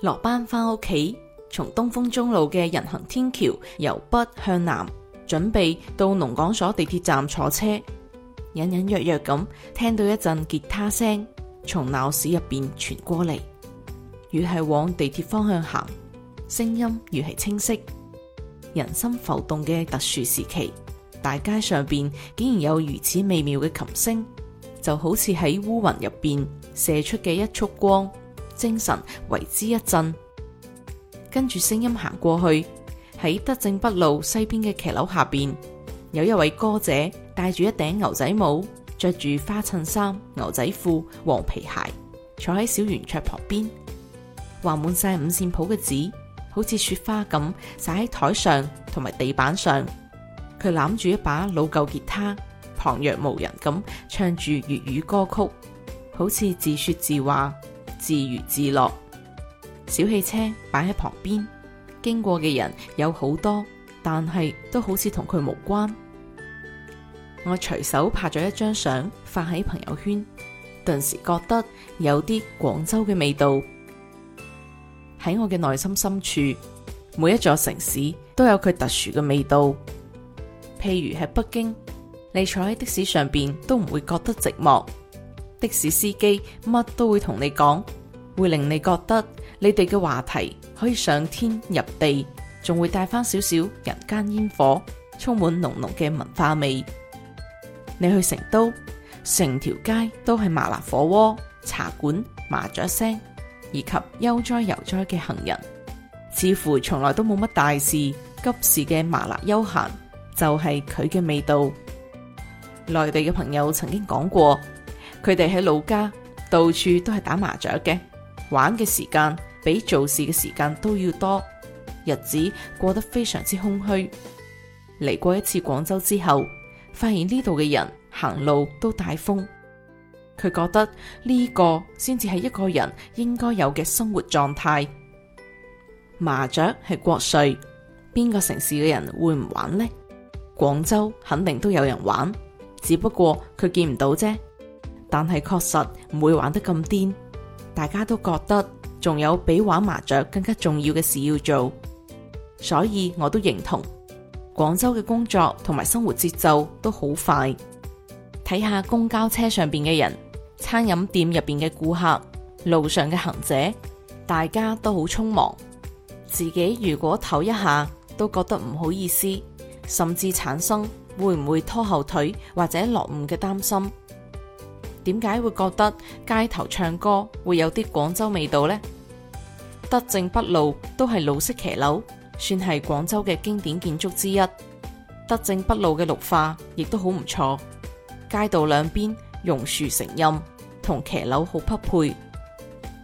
落班返屋企，從東風中路嘅人行天橋由北向南，準備到農講所地鐵站坐車。隱隱約約咁聽到一陣吉他聲從鬧市入邊傳過嚟，越係往地鐵方向行，聲音越係清晰。人心浮動嘅特殊時期，大街上邊竟然有如此美妙嘅琴聲，就好似喺烏雲入邊射出嘅一束光。精神為之一振，跟住聲音行過去，喺德政北路西邊嘅騎樓下邊，有一位歌者戴住一頂牛仔帽，着住花襯衫、牛仔褲、黃皮鞋，坐喺小圓桌旁邊，畫滿晒五線譜嘅紙，好似雪花咁灑喺台上同埋地板上。佢攬住一把老舊吉他，旁若無人咁唱住粵語歌曲，好似自說自話，自娛自樂，小汽車擺喺旁邊，經過嘅人有好多，但係都好似同佢無關。我隨手拍咗一張相，發喺朋友圈，頓時覺得有啲廣州嘅味道。喺我嘅內心深處，每一座城市都有佢特殊嘅味道。譬如喺北京，你坐喺的士上邊都唔會覺得寂寞，的士司機乜都會同你講。會令你覺得你哋嘅話題可以上天入地，仲會帶翻少少人間煙火，充滿濃濃嘅文化味。你去成都，成條街都係麻辣火鍋、茶館、麻雀聲，以及悠哉悠哉嘅行人，似乎從來都冇乜大事。急事嘅麻辣悠閒就係佢嘅味道。內地嘅朋友曾經講過，佢哋喺老家到處都係打麻雀嘅。玩嘅時間比做事嘅時間都要多，日子過得非常之空虛。嚟過一次廣州之後，發現呢度嘅人行路都帶風，佢覺得呢、這個先至係一個人應該有嘅生活狀態。麻雀係國粹，邊個城市嘅人會唔玩呢？廣州肯定都有人玩，只不過佢見唔到啫。但係確實唔會玩得咁癲。大家都覺得仲有比玩麻雀更加重要嘅事要做，所以我都認同。廣州嘅工作同埋生活節奏都好快，睇下公交車上邊嘅人、餐飲店入邊嘅顧客、路上嘅行者，大家都好匆忙。自己如果唞一下，都覺得唔好意思，甚至產生會唔會拖後腿或者落伍嘅擔心。點解會覺得街頭唱歌會有啲廣州味道呢？德政北路都係老式騎樓，算係廣州嘅經典建築之一。德政北路嘅綠化亦都好唔錯，街道兩邊榕樹成蔭，同騎樓好匹配。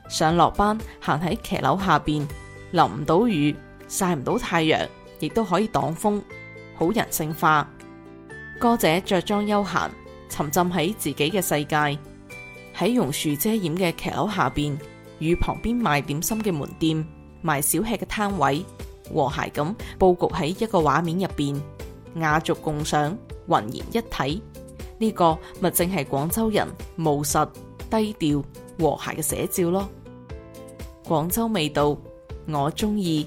上落班行喺騎樓下邊，淋唔到雨，曬唔到太陽，亦都可以擋風，好人性化。歌者着裝休閒。沉浸喺自己嘅世界，喺榕樹遮掩嘅騎樓下邊，與旁邊賣點心嘅門店、賣小吃嘅攤位和諧咁布局喺一個畫面入邊，雅俗共賞，渾然一體。呢、這個咪正係廣州人務實、低調、和諧嘅寫照咯。廣州味道，我中意。